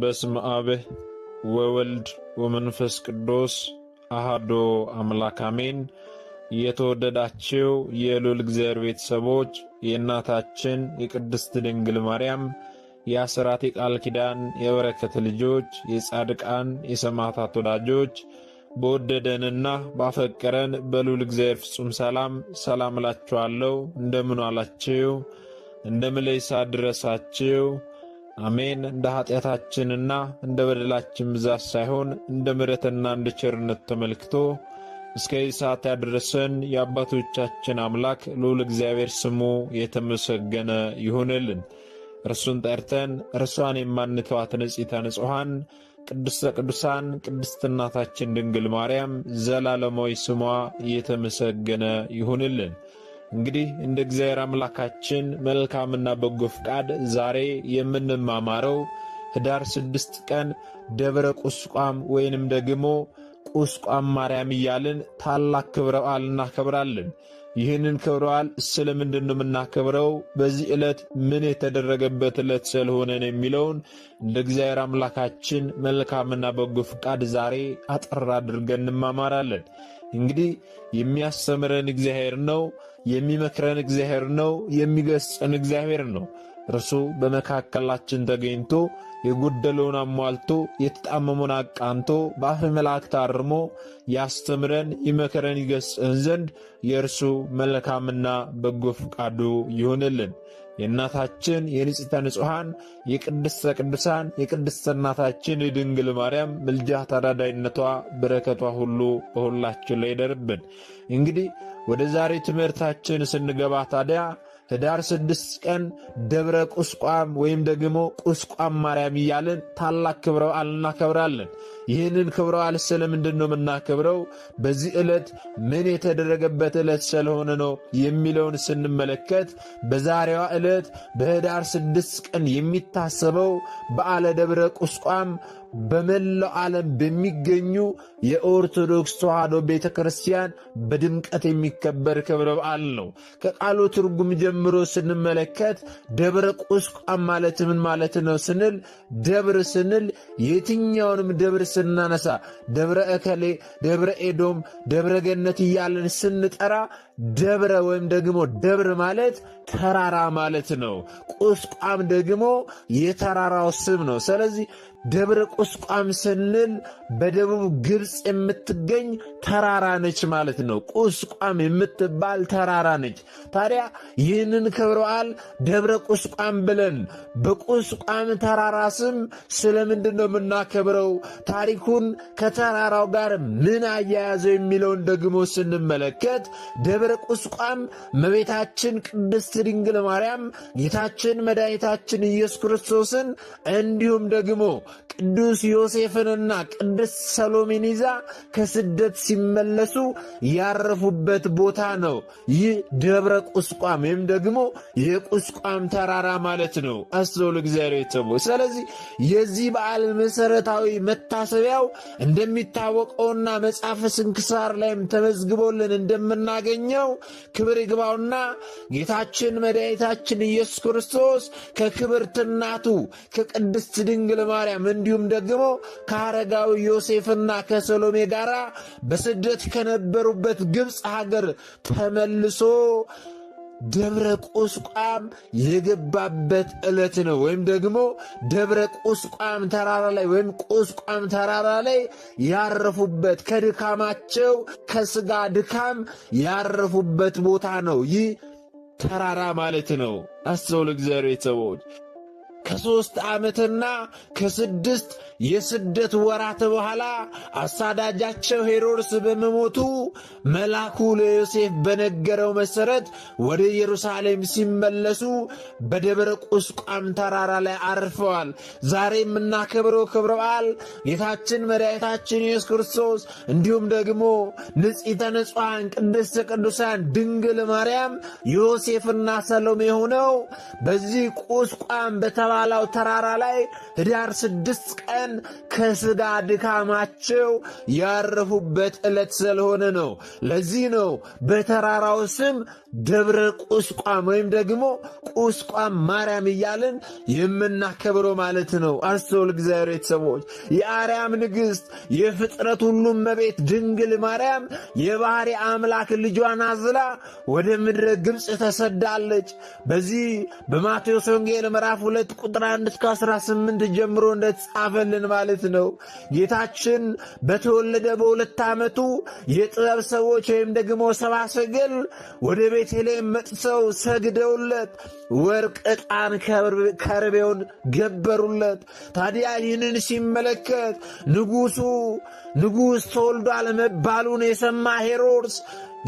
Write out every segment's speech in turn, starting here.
በስም አብ ወወልድ ወመንፈስ ቅዱስ አሃዶ አምላክ አሜን። የተወደዳችው የሉል እግዚአብሔር ቤተሰቦች የእናታችን የቅድስት ድንግል ማርያም የአስራት የቃል ኪዳን የበረከት ልጆች የጻድቃን የሰማዕታት ወዳጆች በወደደንና ባፈቀረን በሉል እግዚአብሔር ፍጹም ሰላም ሰላም እላችኋለሁ። እንደምን አላችሁ? እንደምን ለይሳ ድረሳችሁ? አሜን። እንደ ኃጢአታችንና እንደ በደላችን ብዛት ሳይሆን እንደ ምሕረትና እንደ ቸርነት ተመልክቶ እስከዚህ ሰዓት ያደረሰን የአባቶቻችን አምላክ ልዑል እግዚአብሔር ስሙ የተመሰገነ ይሁንልን። እርሱን ጠርተን እርሷን የማንተዋት ንጽሕተ ንጹሐን ቅድስተ ቅዱሳን ቅድስት እናታችን ድንግል ማርያም ዘላለማዊ ስሟ የተመሰገነ ይሁንልን። እንግዲህ እንደ እግዚአብሔር አምላካችን መልካምና በጎ ፍቃድ ዛሬ የምንማማረው ህዳር ስድስት ቀን ደብረ ቁስቋም ወይንም ደግሞ ቁስቋም ማርያም እያልን ታላቅ ክብረ በዓል እናከብራለን። ይህንን ክብረ በዓል ስለምንድን ነው የምናከብረው? በዚህ ዕለት ምን የተደረገበት ዕለት ስለሆነን የሚለውን እንደ እግዚአብሔር አምላካችን መልካምና በጎ ፍቃድ ዛሬ አጠር አድርገን እንማማራለን። እንግዲህ የሚያስተምረን እግዚአብሔር ነው። የሚመክረን እግዚአብሔር ነው፣ የሚገስጸን እግዚአብሔር ነው። እርሱ በመካከላችን ተገኝቶ የጎደለውን አሟልቶ የተጣመመውን አቃንቶ በአፈ መላእክት አርሞ ያስተምረን፣ ይመክረን፣ ይገስጸን ዘንድ የእርሱ መልካምና በጎ ፈቃዱ ይሆንልን። የእናታችን የንጽተ ንጹሐን የቅድስተ ቅዱሳን የቅድስተ እናታችን የድንግል ማርያም ምልጃ ተራዳይነቷ፣ በረከቷ ሁሉ በሁላችን ላይ ይደርብን። እንግዲህ ወደ ዛሬ ትምህርታችን ስንገባ ታዲያ ህዳር ስድስት ቀን ደብረ ቁስቋም ወይም ደግሞ ቁስቋም ማርያም እያልን ታላቅ ክብረ በዓል እናከብራለን። ይህንን ክብረ በዓል ስለምንድን ነው የምናከብረው? በዚህ ዕለት ምን የተደረገበት ዕለት ስለሆነ ነው የሚለውን ስንመለከት በዛሬዋ ዕለት በህዳር ስድስት ቀን የሚታሰበው በዓለ ደብረ ቁስቋም በመላው ዓለም በሚገኙ የኦርቶዶክስ ተዋህዶ ቤተ ክርስቲያን በድምቀት የሚከበር ክብረ በዓል ነው። ከቃሉ ትርጉም ጀምሮ ስንመለከት ደብረ ቁስቋም ማለት ምን ማለት ነው ስንል ደብር ስንል የትኛውንም ደብር ስናነሳ ደብረ እከሌ፣ ደብረ ኤዶም፣ ደብረ ገነት እያለን ስንጠራ ደብረ ወይም ደግሞ ደብር ማለት ተራራ ማለት ነው። ቁስቋም ደግሞ የተራራው ስም ነው። ስለዚህ ደብረ ቁስቋም ስንል በደቡብ ግብፅ የምትገኝ ተራራ ነች ማለት ነው። ቁስቋም የምትባል ተራራ ነች። ታዲያ ይህንን ክብረ በዓል ደብረ ቁስቋም ብለን በቁስቋም ተራራ ስም ስለምንድን ነው የምናከብረው? ታሪኩን ከተራራው ጋር ምን አያያዘው የሚለውን ደግሞ ስንመለከት ደብረ ቁስቋም መቤታችን ቅድስት ድንግል ማርያም ጌታችን መድኃኒታችን ኢየሱስ ክርስቶስን እንዲሁም ደግሞ ቅዱስ ዮሴፍንና ቅድስት ሰሎሜን ይዛ ከስደት ሲመለሱ ያረፉበት ቦታ ነው። ይህ ደብረ ቁስቋም ወይም ደግሞ የቁስቋም ተራራ ማለት ነው። አስተውሉ እግዚአብሔር ሰቦች። ስለዚህ የዚህ በዓል መሰረታዊ መታሰቢያው እንደሚታወቀውና መጽሐፈ ስንክሳር ላይም ተመዝግቦልን እንደምናገኘው ክብር ይግባውና ጌታችን መድኃኒታችን ኢየሱስ ክርስቶስ ከክብርት እናቱ ከቅድስት ድንግል ማርያም ማርያም እንዲሁም ደግሞ ከአረጋዊ ዮሴፍና ከሰሎሜ ጋር በስደት ከነበሩበት ግብፅ ሀገር ተመልሶ ደብረ ቁስቋም የገባበት ዕለት ነው። ወይም ደግሞ ደብረ ቁስቋም ተራራ ላይ ወይም ቁስቋም ተራራ ላይ ያረፉበት ከድካማቸው ከስጋ ድካም ያረፉበት ቦታ ነው። ይህ ተራራ ማለት ነው። አስተውል እግዚአብሔር ሰዎች ከሦስት ዓመትና ከስድስት የስደት ወራት በኋላ አሳዳጃቸው ሄሮድስ በመሞቱ መልአኩ ለዮሴፍ በነገረው መሠረት ወደ ኢየሩሳሌም ሲመለሱ በደብረ ቁስቋም ተራራ ላይ አርፈዋል። ዛሬ የምናከብረው ክብረ በዓል ጌታችን መድኃኒታችን ኢየሱስ ክርስቶስ እንዲሁም ደግሞ ንጽሕተ ንጹሐን ቅድስተ ቅዱሳን ድንግል ማርያም ዮሴፍና ሰሎሜ የሆነው በዚህ ቁስቋም በተባለው ተራራ ላይ ኅዳር ስድስት ቀን ዘንድ ከሥጋ ድካማቸው ያረፉበት ዕለት ስለሆነ ነው። ለዚህ ነው በተራራው ስም ደብረ ቁስቋም ወይም ደግሞ ቁስቋም ማርያም እያልን የምናከብረው ማለት ነው። አስተውል እግዚአብሔር ቤተሰቦች፣ የአርያም ንግሥት የፍጥረት ሁሉም መቤት ድንግል ማርያም የባሕሪ አምላክ ልጇን አዝላ ወደ ምድረ ግብፅ ተሰዳለች። በዚህ በማቴዎስ ወንጌል ምዕራፍ ሁለት ቁጥር 1 እስከ 18 ጀምሮ እንደተጻፈልን ምን ማለት ነው? ጌታችን በተወለደ በሁለት ዓመቱ የጥበብ ሰዎች ወይም ደግሞ ሰብአ ሰገል ወደ ቤተልሔም መጥተው ሰግደውለት ወርቅ፣ ዕጣን፣ ከርቤውን ገበሩለት። ታዲያ ይህንን ሲመለከት ንጉሡ ንጉሥ ተወልዷል መባሉን የሰማ ሄሮድስ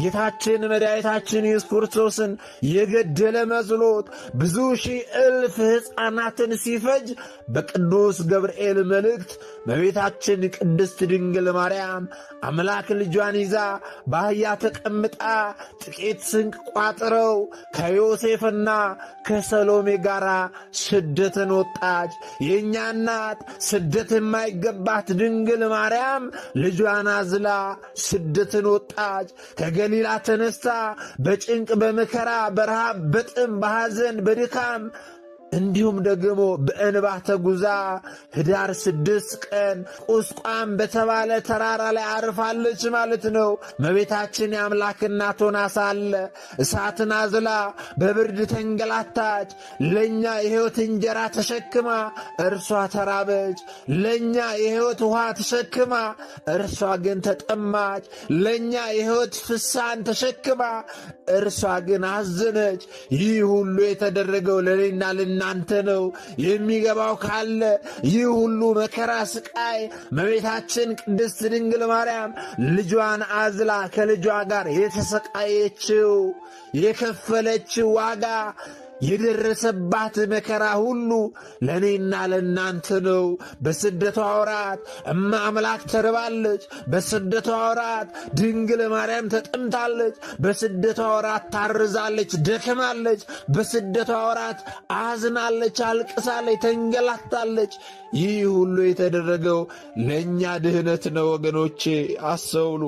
ጌታችን መድኃኒታችን ኢየሱስ ክርስቶስን የገደለ መስሎት ብዙ ሺህ እልፍ ሕፃናትን ሲፈጅ በቅዱስ ገብርኤል መልእክት እመቤታችን ቅድስት ድንግል ማርያም አምላክ ልጇን ይዛ በአህያ ተቀምጣ ጥቂት ስንቅ ቋጥረው ከዮሴፍና ከሰሎሜ ጋር ስደትን ወጣች። የእኛ እናት ስደት የማይገባት ድንግል ማርያም ልጇን አዝላ ስደትን ወጣች። ከገሊላ ተነስታ በጭንቅ በመከራ በረሃብ በጥም በሐዘን በድካም እንዲሁም ደግሞ በእንባ ተጉዛ ህዳር ስድስት ቀን ቁስቋም በተባለ ተራራ ላይ አርፋለች ማለት ነው። መቤታችን የአምላክ እናት ሆና ሳለ እሳትን አዝላ በብርድ ተንገላታች። ለእኛ የሕይወት እንጀራ ተሸክማ እርሷ ተራበች። ለእኛ የሕይወት ውሃ ተሸክማ እርሷ ግን ተጠማች። ለእኛ የሕይወት ፍሳን ተሸክማ እርሷ ግን አዘነች። ይህ ሁሉ የተደረገው ለእኔና ልና ለእናንተ ነው የሚገባው ካለ ይህ ሁሉ መከራ ስቃይ መቤታችን ቅድስት ድንግል ማርያም ልጇን አዝላ ከልጇ ጋር የተሰቃየችው የከፈለችው ዋጋ የደረሰባት መከራ ሁሉ ለእኔና ለእናንተ ነው። በስደቷ ወራት እማ አምላክ ተርባለች። በስደቷ ወራት ድንግል ማርያም ተጠምታለች። በስደቷ ወራት ታርዛለች፣ ደክማለች። በስደቷ ወራት አዝናለች፣ አልቅሳለች፣ ተንገላታለች። ይህ ሁሉ የተደረገው ለእኛ ድህነት ነው። ወገኖቼ አስተውሉ።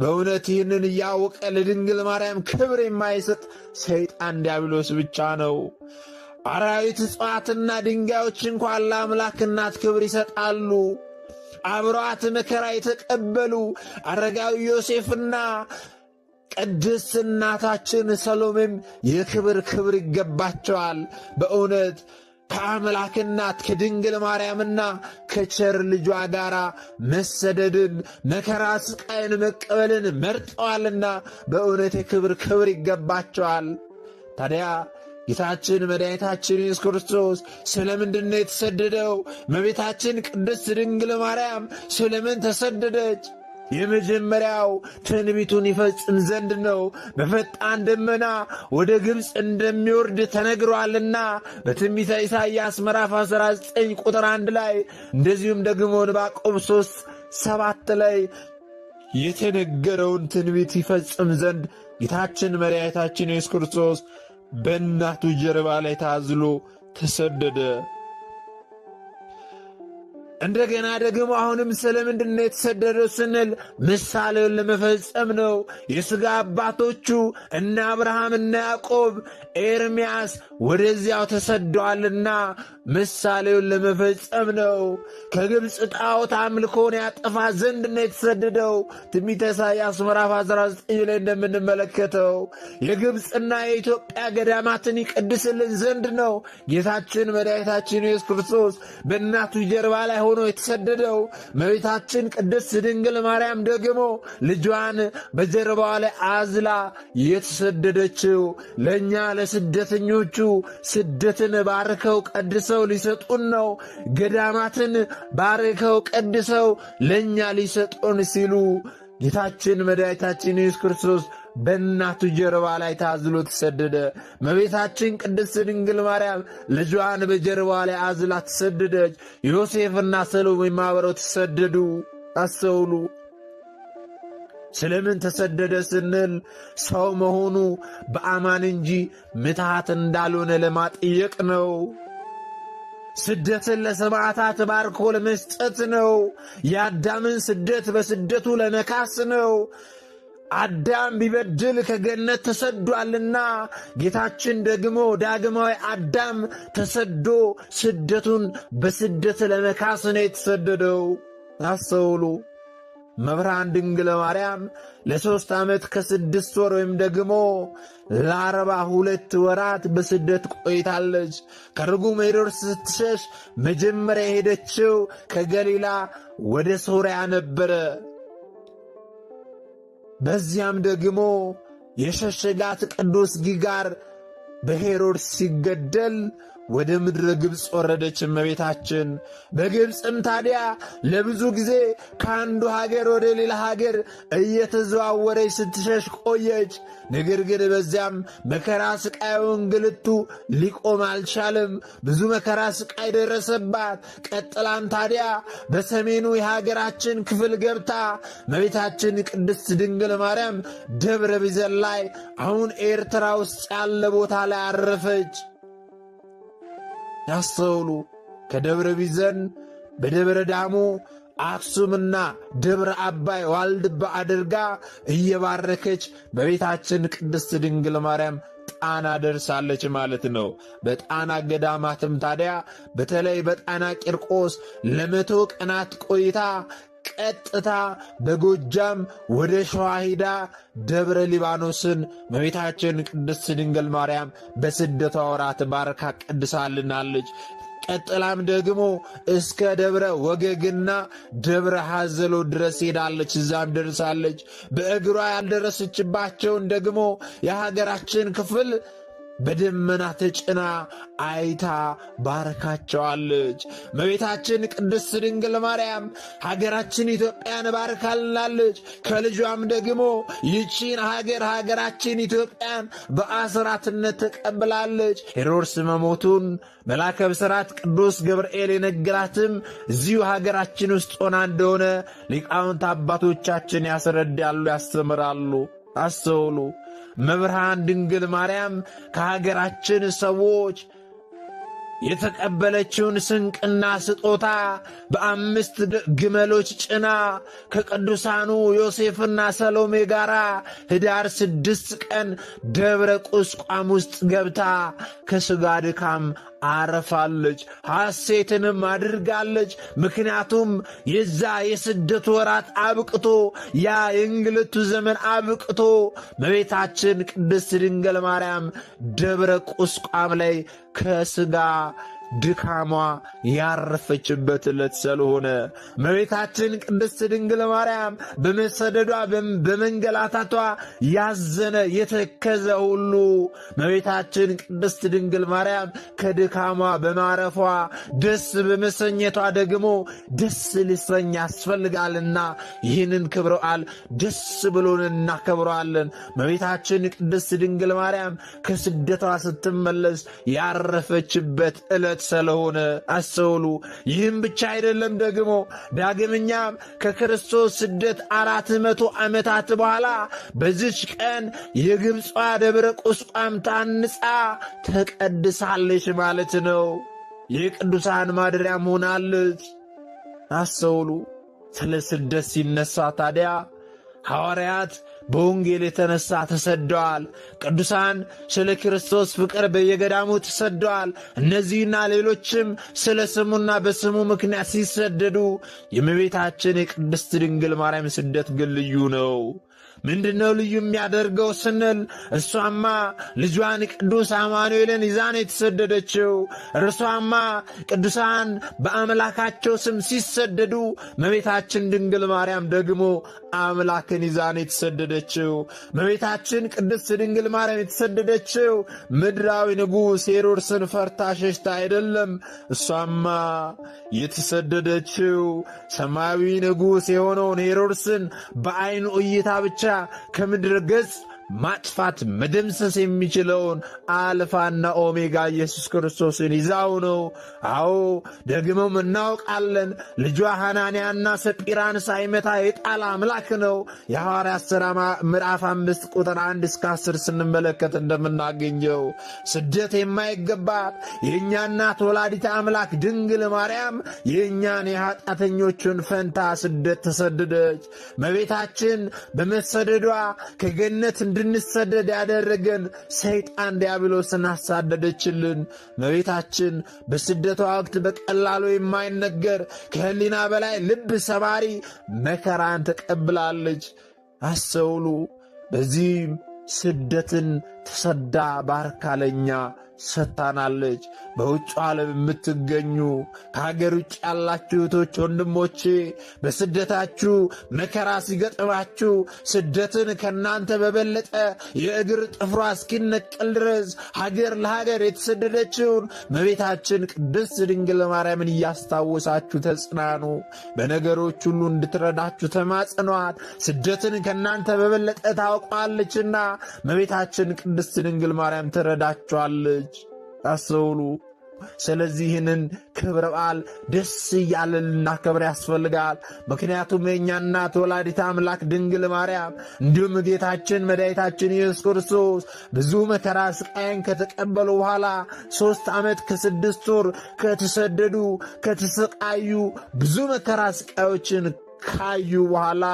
በእውነት ይህንን እያወቀ ለድንግል ማርያም ክብር የማይሰጥ ሰይጣን ዲያብሎስ ብቻ ነው። ነው። አራዊት እጽዋትና ድንጋዮች እንኳን ለአምላክ እናት ክብር ይሰጣሉ። አብሯት መከራ የተቀበሉ አረጋዊ ዮሴፍና ቅድስት እናታችን ሰሎሜም የክብር ክብር ይገባቸዋል። በእውነት ከአምላክ እናት ከድንግል ማርያምና ከቸር ልጇ ጋር መሰደድን፣ መከራ ስቃይን መቀበልን መርጠዋልና በእውነት የክብር ክብር ይገባቸዋል ታዲያ ጌታችን መድኃኒታችን ኢየሱስ ክርስቶስ ስለምንድን ነው የተሰደደው? መቤታችን ቅድስት ድንግል ማርያም ስለምን ተሰደደች? የመጀመሪያው ትንቢቱን ይፈጽም ዘንድ ነው። በፈጣን ደመና ወደ ግብፅ እንደሚወርድ ተነግሯልና በትንቢተ ኢሳይያስ ምዕራፍ 19 ቁጥር 1 ላይ እንደዚሁም ደግሞ ዕንባቆም 3 ሰባት ላይ የተነገረውን ትንቢት ይፈጽም ዘንድ ጌታችን መድኃኒታችን ኢየሱስ ክርስቶስ በእናቱ ጀርባ ላይ ታዝሎ ተሰደደ። እንደገና ደግሞ አሁንም ስለምንድን ነው የተሰደደው ስንል ምሳሌውን ለመፈጸም ነው። የሥጋ አባቶቹ እነ አብርሃም እና ያዕቆብ ኤርምያስ ወደዚያው ተሰደዋልና ምሳሌውን ለመፈጸም ነው። ከግብፅ ጣዖት አምልኮን ያጠፋ ዘንድ ነው የተሰደደው። ትንቢተ ኢሳይያስ ምዕራፍ 19 ላይ እንደምንመለከተው የግብፅና የኢትዮጵያ ገዳማትን ይቀድስልን ዘንድ ነው። ጌታችን መድኃኒታችን ኢየሱስ ክርስቶስ በእናቱ ጀርባ ላይ ሆኖ የተሰደደው መቤታችን ቅድስት ድንግል ማርያም ደግሞ ልጇን በጀርባዋ ላይ አዝላ የተሰደደችው ለእኛ ለስደተኞቹ ስደትን ባርከው ቀድሰው ሊሰጡን ነው። ገዳማትን ባርከው ቀድሰው ለእኛ ሊሰጡን ሲሉ ጌታችን መድኃኒታችን ኢየሱስ ክርስቶስ በእናቱ ጀርባ ላይ ታዝሎ ተሰደደ። እመቤታችን ቅድስት ድንግል ማርያም ልጇን በጀርባ ላይ አዝላ ተሰደደች። ዮሴፍና ሰሎሜ ማኅበረው ተሰደዱ። አስተውሉ። ስለምን ተሰደደ ስንል ሰው መሆኑ በአማን እንጂ ምትሃት እንዳልሆነ ለማጠየቅ ነው። ስደትን ለሰማዕታት ባርኮ ለመስጠት ነው። የአዳምን ስደት በስደቱ ለመካስ ነው። አዳም ቢበድል ከገነት ተሰዷልና ጌታችን ደግሞ ዳግማዊ አዳም ተሰዶ ስደቱን በስደት ለመካስ ነው የተሰደደው። አስተውሉ። መብርሃን ድንግለ ማርያም ለሦስት ዓመት ከስድስት ወር ወይም ደግሞ ለአርባ ሁለት ወራት በስደት ቆይታለች። ከርጉም ሄሮድስ ስትሸሽ መጀመሪያ የሄደችው ከገሊላ ወደ ሶርያ ነበረ። በዚያም ደግሞ የሸሸጋት ቅዱስ ጊጋር በሄሮድስ ሲገደል ወደ ምድረ ግብፅ ወረደች እመቤታችን። በግብፅም ታዲያ ለብዙ ጊዜ ከአንዱ ሀገር ወደ ሌላ ሀገር እየተዘዋወረች ስትሸሽ ቆየች። ነገር ግን በዚያም መከራ ስቃዩ፣ እንግልቱ ሊቆም አልቻለም። ብዙ መከራ ስቃይ ደረሰባት። ቀጥላም ታዲያ በሰሜኑ የሀገራችን ክፍል ገብታ እመቤታችን ቅድስት ድንግል ማርያም ደብረ ቢዘን ላይ አሁን ኤርትራ ውስጥ ያለ ቦታ ላይ አረፈች። ያስተውሉ። ከደብረ ቢዘን በደብረ ዳሞ አክሱምና ደብረ አባይ ዋልድባ አድርጋ እየባረከች በቤታችን ቅድስት ድንግል ማርያም ጣና ደርሳለች ማለት ነው። በጣና ገዳማትም ታዲያ በተለይ በጣና ቂርቆስ ለመቶ ቀናት ቆይታ ቀጥታ በጎጃም ወደ ሸዋ ሂዳ ደብረ ሊባኖስን መቤታችን ቅድስት ድንግል ማርያም በስደቷ ወራት ባርካ ቀድሳልናለች። ቀጥላም ደግሞ እስከ ደብረ ወገግና ደብረ ሐዘሎ ድረስ ሄዳለች። እዛም ደርሳለች። በእግሯ ያልደረሰችባቸውን ደግሞ የሀገራችን ክፍል በደመና ተጭና አይታ ባርካቸዋለች። እመቤታችን ቅድስት ድንግል ማርያም ሀገራችን ኢትዮጵያን ባርካልናለች። ከልጇም ደግሞ ይቺን ሀገር ሀገራችን ኢትዮጵያን በአስራትነት ተቀብላለች። ሄሮድስ መሞቱን መልአከ ብስራት ቅዱስ ገብርኤል የነገራትም እዚሁ ሀገራችን ውስጥ ሆና እንደሆነ ሊቃውንት አባቶቻችን ያስረዳሉ፣ ያስተምራሉ። አስተውሉ። መብርሃን ድንግል ማርያም ከሀገራችን ሰዎች የተቀበለችውን ስንቅና ስጦታ በአምስት ግመሎች ጭና ከቅዱሳኑ ዮሴፍና ሰሎሜ ጋር ኅዳር ስድስት ቀን ደብረ ቁስቋም ውስጥ ገብታ ከሥጋ ድካም አረፋለች፣ ሐሴትንም አድርጋለች። ምክንያቱም የዛ የስደት ወራት አብቅቶ ያ የእንግልቱ ዘመን አብቅቶ መቤታችን ቅድስት ድንግል ማርያም ደብረ ቁስቋም ላይ ከሥጋ ድካሟ ያረፈችበት ዕለት ስለሆነ እመቤታችን ቅድስት ድንግል ማርያም በመሰደዷ በመንገላታቷ ያዘነ የተከዘ ሁሉ እመቤታችን ቅድስት ድንግል ማርያም ከድካሟ በማረፏ ደስ በመሰኘቷ ደግሞ ደስ ሊሰኝ ያስፈልጋልና ይህንን ክብረ በዓል ደስ ብሎን እናከብረዋለን። እመቤታችን ቅድስት ድንግል ማርያም ከስደቷ ስትመለስ ያረፈችበት ዕለት እውነት ስለሆነ አስተውሉ። ይህም ብቻ አይደለም ደግሞ ዳግምኛ ከክርስቶስ ስደት አራት መቶ ዓመታት በኋላ በዚች ቀን የግብፅዋ ደብረ ቁስቋም ታንጻ ተቀድሳለች ማለት ነው። የቅዱሳን ማደሪያም ሆናለች። አስተውሉ። ስለ ስደት ሲነሳ ታዲያ ሐዋርያት በወንጌል የተነሳ ተሰደዋል። ቅዱሳን ስለ ክርስቶስ ፍቅር በየገዳሙ ተሰደዋል። እነዚህና ሌሎችም ስለ ስሙና በስሙ ምክንያት ሲሰደዱ የእመቤታችን የቅድስት ድንግል ማርያም ስደት ግን ልዩ ነው። ምንድነው ልዩ የሚያደርገው ስንል እርሷማ ልጇን ቅዱስ አማኑኤልን ይዛን የተሰደደችው እርሷማ ቅዱሳን በአምላካቸው ስም ሲሰደዱ መቤታችን ድንግል ማርያም ደግሞ አምላክን ይዛን የተሰደደችው መቤታችን ቅድስት ድንግል ማርያም የተሰደደችው ምድራዊ ንጉሥ ሄሮድስን ፈርታ ሸሽታ አይደለም። እሷማ የተሰደደችው ሰማያዊ ንጉሥ የሆነውን ሄሮድስን በዐይኑ እይታ ብቻ ከምድረ ገጽ ማጥፋት መደምሰስ የሚችለውን አልፋና ኦሜጋ ኢየሱስ ክርስቶስን ይዛው ነው። አዎ ደግሞም እናውቃለን፣ ልጇ ሐናንያና ሰጲራን ሳይመታ የጣል አምላክ ነው። የሐዋርያት ሥራ ምዕራፍ አምስት ቁጥር አንድ እስከ አስር ስንመለከት እንደምናገኘው ስደት የማይገባት የእኛ እናት ወላዲተ አምላክ ድንግል ማርያም የእኛን የኃጢአተኞቹን ፈንታ ስደት ተሰደደች። መቤታችን በመሰደዷ ከገነት እንደ እንድንሰደድ ያደረገን ሰይጣን ዲያብሎስን አሳደደችልን። መቤታችን በስደቷ ወቅት በቀላሉ የማይነገር ከህሊና በላይ ልብ ሰባሪ መከራን ተቀብላለች። አስተውሉ። በዚህም ስደትን ተሰዳ ባርካለኛ ሰታናለች። በውጭ ዓለም የምትገኙ ከሀገር ውጭ ያላችሁ እህቶች ወንድሞቼ፣ በስደታችሁ መከራ ሲገጥማችሁ ስደትን ከእናንተ በበለጠ የእግር ጥፍሯ እስኪነቀል ድረስ ሀገር ለሀገር የተሰደደችውን መቤታችን ቅድስት ድንግል ማርያምን እያስታወሳችሁ ተጽናኑ። በነገሮች ሁሉ እንድትረዳችሁ ተማጽኗት። ስደትን ከእናንተ በበለጠ ታውቋለችና መቤታችን ቅድስት ድንግል ማርያም ትረዳችኋለች። አስተውሉ። ስለዚህ ይህንን ክብረ በዓል ደስ እያለ ልናከብር ያስፈልጋል። ምክንያቱም የእኛ እናት ወላዲተ አምላክ ድንግል ማርያም እንዲሁም ጌታችን መድኃኒታችን ኢየሱስ ክርስቶስ ብዙ መከራ ስቃይን ከተቀበሉ በኋላ ሦስት ዓመት ከስድስት ወር ከተሰደዱ ከተሰቃዩ ብዙ መከራ ስቃዮችን ካዩ በኋላ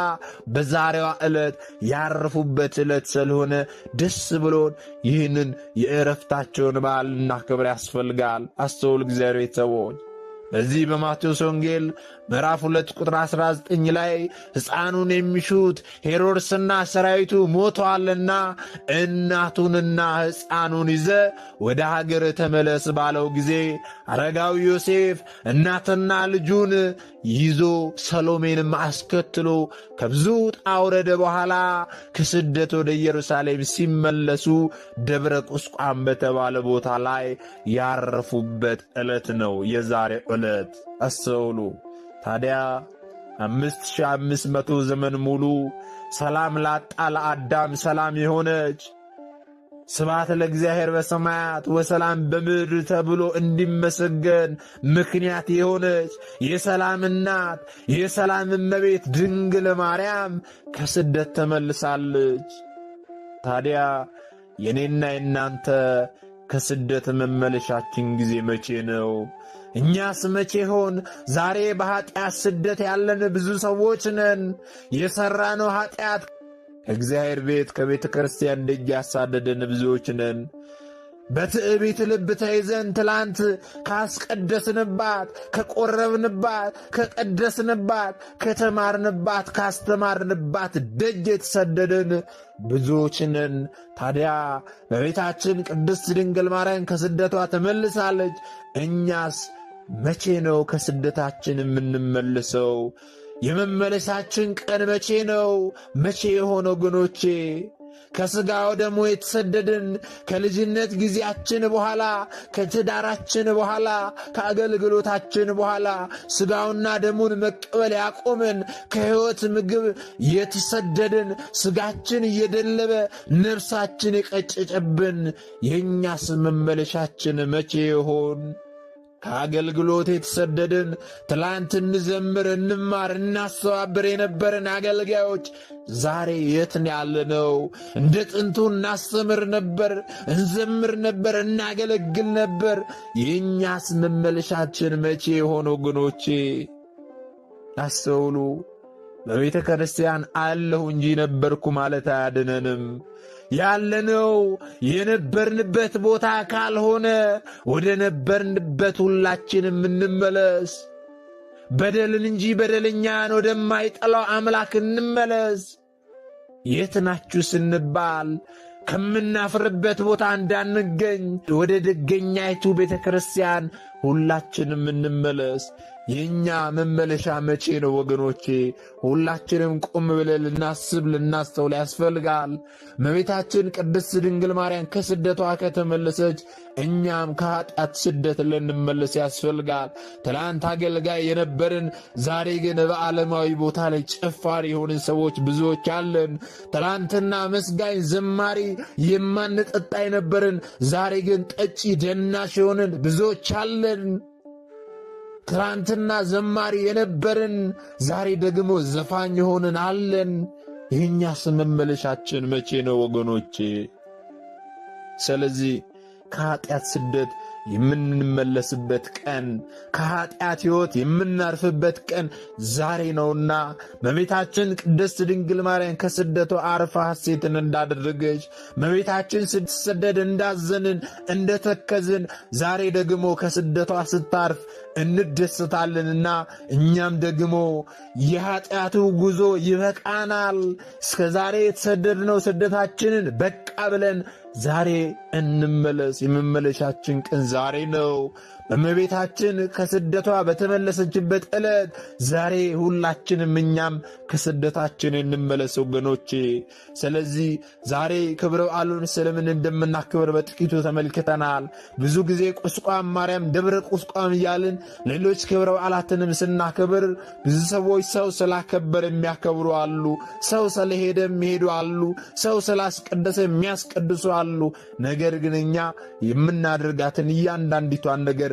በዛሬዋ ዕለት ያረፉበት ዕለት ስለሆነ ደስ ብሎን ይህንን የእረፍታቸውን በዓል እናክብር ያስፈልጋል። አስተውል እግዚአብሔር ቤተሰቦች። በዚህ በማቴዎስ ወንጌል ምዕራፍ 2 ቁጥር 19 ላይ ሕፃኑን የሚሹት ሄሮድስና ሰራዊቱ ሞተዋልና እናቱንና ሕፃኑን ይዘ ወደ ሀገር ተመለስ ባለው ጊዜ አረጋዊ ዮሴፍ እናትና ልጁን ይዞ ሰሎሜንም አስከትሎ ከብዙ ጣውረደ በኋላ ከስደት ወደ ኢየሩሳሌም ሲመለሱ ደብረ ቁስቋም በተባለ ቦታ ላይ ያረፉበት ዕለት ነው የዛሬ ዕለት። አስተውሉ። ታዲያ አምስት ሺህ አምስት መቶ ዘመን ሙሉ ሰላም ላጣ ለአዳም ሰላም የሆነች ስብሐት ለእግዚአብሔር በሰማያት ወሰላም በምድር ተብሎ እንዲመሰገን ምክንያት የሆነች የሰላም እናት የሰላም እመቤት ድንግል ማርያም ከስደት ተመልሳለች። ታዲያ የእኔና የእናንተ ከስደት መመለሻችን ጊዜ መቼ ነው? እኛስ መቼ ሆን ዛሬ በኀጢአት ስደት ያለን ብዙ ሰዎች ነን። የሠራነው ኀጢአት እግዚአብሔር ቤት ከቤተ ክርስቲያን ደጅ ያሳደደን ብዙዎች ነን። በትዕቢት ልብ ተይዘን ትላንት ካስቀደስንባት፣ ከቆረብንባት፣ ከቀደስንባት፣ ከተማርንባት፣ ካስተማርንባት ደጅ የተሰደደን ብዙዎች ነን። ታዲያ በቤታችን ቅድስት ድንግል ማርያም ከስደቷ ተመልሳለች። እኛስ መቼ ነው ከስደታችን የምንመለሰው? የመመለሳችን ቀን መቼ ነው? መቼ የሆነ ወገኖቼ ከሥጋ ደግሞ የተሰደድን ከልጅነት ጊዜያችን በኋላ ከትዳራችን በኋላ ከአገልግሎታችን በኋላ ሥጋውና ደሙን መቀበል ያቆምን ከሕይወት ምግብ የተሰደድን ሥጋችን እየደለበ ነፍሳችን የቀጨጨብን የእኛስ መመለሻችን መቼ ይሆን? ከአገልግሎት የተሰደድን ትላንት እንዘምር፣ እንማር፣ እናስተባብር የነበርን አገልጋዮች ዛሬ የትን ያለነው? እንደ ጥንቱ እናስተምር ነበር፣ እንዘምር ነበር፣ እናገለግል ነበር። የእኛስ መመለሻችን መቼ የሆነ ወገኖቼ? አስተውሉ። በቤተ ክርስቲያን አለሁ እንጂ ነበርኩ ማለት አያድነንም። ያለነው የነበርንበት ቦታ ካልሆነ ወደ ነበርንበት ሁላችንም እንመለስ። በደልን እንጂ በደለኛን ወደማይጠላው አምላክ እንመለስ። የት ናችሁ ስንባል ከምናፍርበት ቦታ እንዳንገኝ ወደ ደገኛይቱ ቤተ ክርስቲያን ሁላችንም እንመለስ። የእኛ መመለሻ መቼ ነው ወገኖቼ? ሁላችንም ቆም ብለን ልናስብ ልናስተውል ያስፈልጋል። መቤታችን ቅድስት ድንግል ማርያም ከስደቷ ከተመለሰች እኛም ከኃጢአት ስደት ልንመለስ ያስፈልጋል። ትላንት አገልጋይ የነበርን ዛሬ ግን በዓለማዊ ቦታ ላይ ጨፋሪ የሆንን ሰዎች ብዙዎች አለን። ትላንትና መስጋኝ ዘማሪ የማንጠጣ የነበርን ዛሬ ግን ጠጪ ደናሽ የሆንን ብዙዎች አለን። ትናንትና ዘማሪ የነበርን ዛሬ ደግሞ ዘፋኝ የሆንን አለን። የእኛስ መመለሻችን መቼ ነው ወገኖቼ? ስለዚህ ከኃጢአት ስደት የምንመለስበት ቀን ከኃጢአት ሕይወት የምናርፍበት ቀን ዛሬ ነውና መቤታችን ቅድስት ድንግል ማርያም ከስደቷ አርፋ ሐሴትን እንዳደረገች መቤታችን ስትሰደድ እንዳዘንን እንደተከዝን ዛሬ ደግሞ ከስደቷ ስታርፍ እንደስታለንና እኛም ደግሞ የኃጢአቱ ጉዞ ይበቃናል፣ እስከ ዛሬ የተሰደድነው ስደታችንን በቃ ብለን ዛሬ እንመለስ። የመመለሻችን ቀን ዛሬ ነው። እመቤታችን ከስደቷ በተመለሰችበት ዕለት ዛሬ ሁላችንም እኛም ከስደታችን እንመለስ ወገኖቼ። ስለዚህ ዛሬ ክብረ በዓሉን ስለምን እንደምናክብር በጥቂቱ ተመልክተናል። ብዙ ጊዜ ቁስቋም ማርያም ደብረ ቁስቋም እያልን ሌሎች ክብረ በዓላትንም ስናክብር ብዙ ሰዎች ሰው ስላከበር የሚያከብሩ አሉ። ሰው ስለሄደ የሚሄዱ አሉ። ሰው ስላስቀደሰ የሚያስቀድሱ አሉ። ነገር ግን እኛ የምናደርጋትን እያንዳንዲቷን ነገር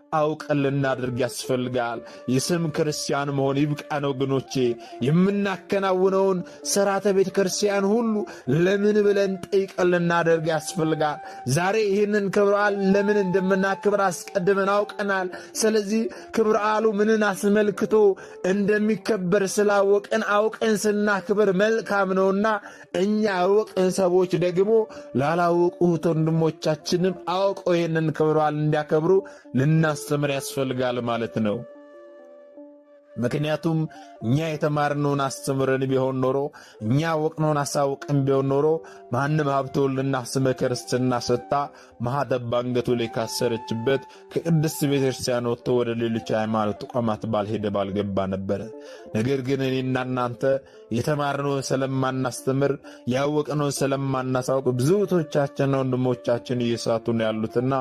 አውቀን ልናደርግ ያስፈልጋል። የስም ክርስቲያን መሆን ይብቃን ወገኖቼ። የምናከናውነውን ሥርዓተ ቤተ ክርስቲያን ሁሉ ለምን ብለን ጠይቀን ልናደርግ ያስፈልጋል። ዛሬ ይህንን ክብረ በዓል ለምን እንደምናክብር አስቀድመን አውቀናል። ስለዚህ ክብረ በዓሉ ምንን አስመልክቶ እንደሚከበር ስላወቅን አውቀን ስናክብር መልካም ነውና እኛ ያወቅን ሰዎች ደግሞ ላላወቁት ወንድሞቻችንም አውቀው ይህንን ክብረ በዓል እንዲያከብሩ ልና ማስተምር ያስፈልጋል ማለት ነው። ምክንያቱም እኛ የተማርነውን አስተምረን ቢሆን ኖሮ እኛ ወቅነውን አሳውቅን ቢሆን ኖሮ ማንም ሀብቶልና ስመ ክርስትና ሰጣ ማኅተብ በአንገቱ ላይ ካሰረችበት ከቅድስት ቤተ ክርስቲያን ወጥቶ ወደ ሌሎች ሃይማኖት ተቋማት ባልሄደ ባልገባ ነበረ። ነገር ግን እኔና እናንተ የተማርነውን ስለማናስተምር ያወቅነውን ስለማናሳውቅ ብዙ ወንድሞቻችን እየሳቱን ያሉትና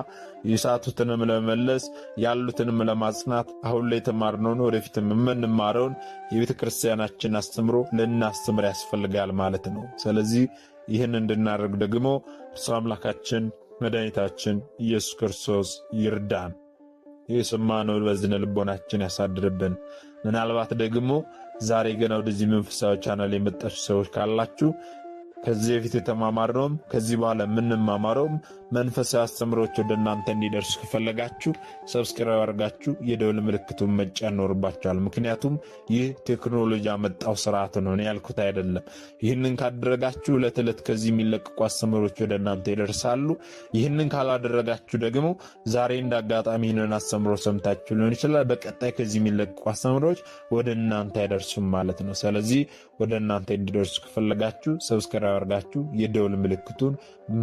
የሳቱትንም ለመመለስ ያሉትንም ለማጽናት አሁን ላይ የተማርነውን ወደፊትም የምንማረውን የቤተ ክርስቲያናችን አስተምሮ ልናስተምር ያስፈልጋል ማለት ነው። ስለዚህ ይህን እንድናደርግ ደግሞ እርሱ አምላካችን መድኃኒታችን ኢየሱስ ክርስቶስ ይርዳን። የሰማነውን በዝነ ልቦናችን ያሳድርብን። ምናልባት ደግሞ ዛሬ ገና ወደዚህ መንፈሳዊ ቻናል የመጣችሁ ሰዎች ካላችሁ ከዚህ በፊት የተማማርነውም ከዚህ በኋላ የምንማማረውም መንፈሳዊ አስተምሮች ወደ እናንተ እንዲደርሱ ከፈለጋችሁ ሰብስክራይብ አድርጋችሁ የደውል ምልክቱን መጫን ይኖርባችኋል። ምክንያቱም ይህ ቴክኖሎጂ ያመጣው ስርዓት ነው፣ እኔ ያልኩት አይደለም። ይህንን ካደረጋችሁ ዕለት ዕለት ከዚህ የሚለቀቁ አስተምሮች ወደ እናንተ ይደርሳሉ። ይህንን ካላደረጋችሁ ደግሞ ዛሬ እንደ አጋጣሚ ይህንን አስተምሮ ሰምታችሁ ሊሆን ይችላል። በቀጣይ ከዚህ የሚለቀቁ አስተምሮች ወደ እናንተ አይደርሱም ማለት ነው። ስለዚህ ወደ እናንተ እንዲደርሱ ከፈለጋችሁ ሰብስክራ አውርዳችሁ የደውል ምልክቱን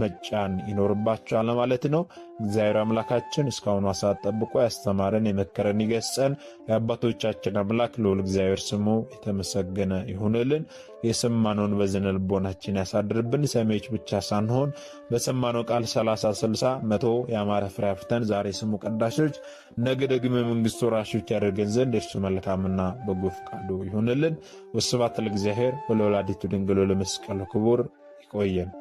መጫን ይኖርባችኋል ማለት ነው። እግዚአብሔር አምላካችን እስካሁኑ ሰዓት ጠብቆ ያስተማረን የመከረን ይገጸን የአባቶቻችን አምላክ ልዑል እግዚአብሔር ስሙ የተመሰገነ ይሁንልን። የሰማነውን በዝነ ልቦናችን ያሳድርብን። ሰሚዎች ብቻ ሳንሆን በሰማነው ቃል ሰላሳ ስልሳ መቶ የአማረ ፍሬ አፍርተን ዛሬ ስሙ ቀዳሾች ነገ ደግሞ የመንግስቱ ወራሾች ያደርገን ዘንድ እርሱ መልካምና በጎ ፈቃዱ ይሁንልን። ወስብሐት ለእግዚአብሔር ወለወላዲቱ ድንግሎ ለመስቀሉ ክቡር ይቆየን።